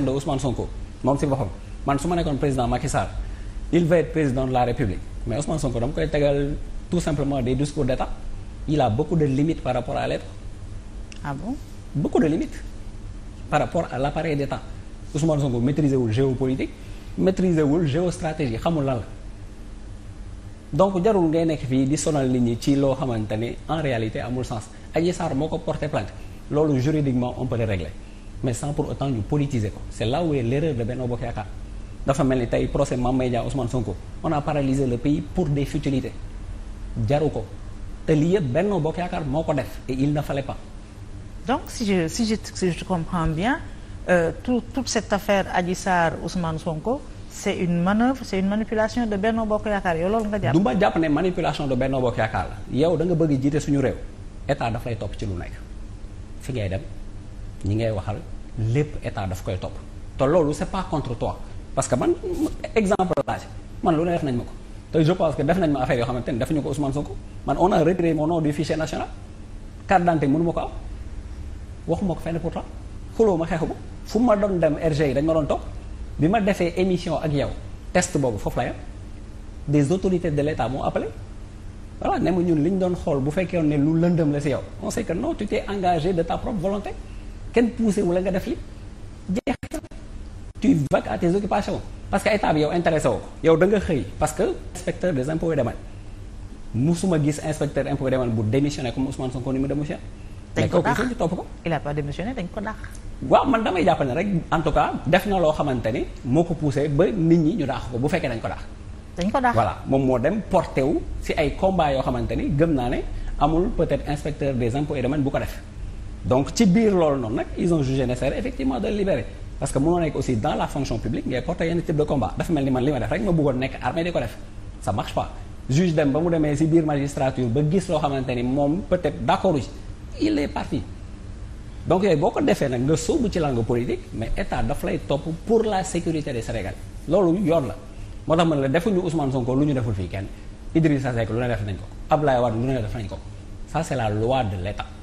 personne de Ousmane Sonko moom si boppam man su ma nekkoon président Macky Sall il va être président de la République mais son Sonko dama koy tegal tout simplement des discours d'État il a beaucoup de limites par rapport à l'État ah bon beaucoup de limites par rapport à l'appareil d'État Ousmane Sonko maîtriser wul géopolitique maîtriser wul géostratégie xamul lan la donc jarul ngay nekk fii di sonal nit ñi ci loo xamante ne en réalité amul sens Adji Sarr moo ko porté plainte loolu juridiquement on peut le régler mais sans pour autant ñu politiser ko c' est là où est de Benno Bokk Yaakaar dafa mel ni tey procès Mame Mbaye Niang Ousmane Sonko on a paralysé le pays pour des futilités jaru ko te lii yëpp Benno Bokk Yaakaar moo ko def et il ne fallait pas. donc si je si je si bien euh, tout toute cette affaire Adji Sarr Ousmane Sonko c' est une manœuvre c' est une manipulation de Benno Bokk Yaakaar yow loolu nga jàpp. jàpp ne manipulation de Benno Bokk Yaakaar la yow da nga bëgg jiite suñu réew état daf lay topp ci lu fi ngay dem. ñi ngay waxal lépp état daf koy topp te loolu c'est pas contre toi parce que man exemple laaj man lu ne def nañ ma ko te je pense que def nañ ma affaire yoo xamante ne defuñu ko Ousmane Sonko man on a retiré mon nom du fichier national carte d'identité mënu ma ko am waxuma ko fenn pourtant xuloo ma xeexu ma fu ma doon dem RG yi dañ ma doon topp bi ma defee émission ak yow test boobu foofu la yam des autorités de l'État moo appelé voilà ne ma ñun li ñu doon xool bu fekkee ne lu lëndëm la ci yow on sait que non engagé de ta propre kenn poussé wu la nga def li jeex tu vaques à parce que état bi yow intéressé woo ko yow da xëy parce que inspecteur des impôts et domaines musuma gis inspecteur impôts et domaines bu démissionné comme Ousmane Sonko ni mu démissionné. dañ ko dàq mais topp ko. il a pas démissionné dañ ko dàq. waaw man damay jàpp ne rek en tout cas def na loo xamante ni moo ko poussé ba nit ñi ñu daax ko bu fekkee dañ ko dàq. dañ ko dàq voilà moom moo dem porté wu si ay combat yoo xamante ni gëm naa ne amul peut-être inspecteur des impôts et domaines bu ko def. donc ci biir loolu noonu nag ils ont jugé nécessaire effectivement de le libérer parce que mënoo nekk aussi dans la fonction publique ngay porter yenn type de combat dafa mel ni man li ma def rek ma bëggoon nekk armée di ko def ça marche pas juge dem ba mu demee ci biir magistrature ba gis loo xamante ni moom peut-être d'accord ci il est parti donc yooyu boo ko defee nag nga sóobu ci langue politique mais état daf lay topp pour la sécurité des Sénégalais loolu yoon la moo tax man la defuñu Ousmane Sonko lu ñu deful fii kenn Idrissa Seck lu ne ko Abdoulaye Wade lu de l'État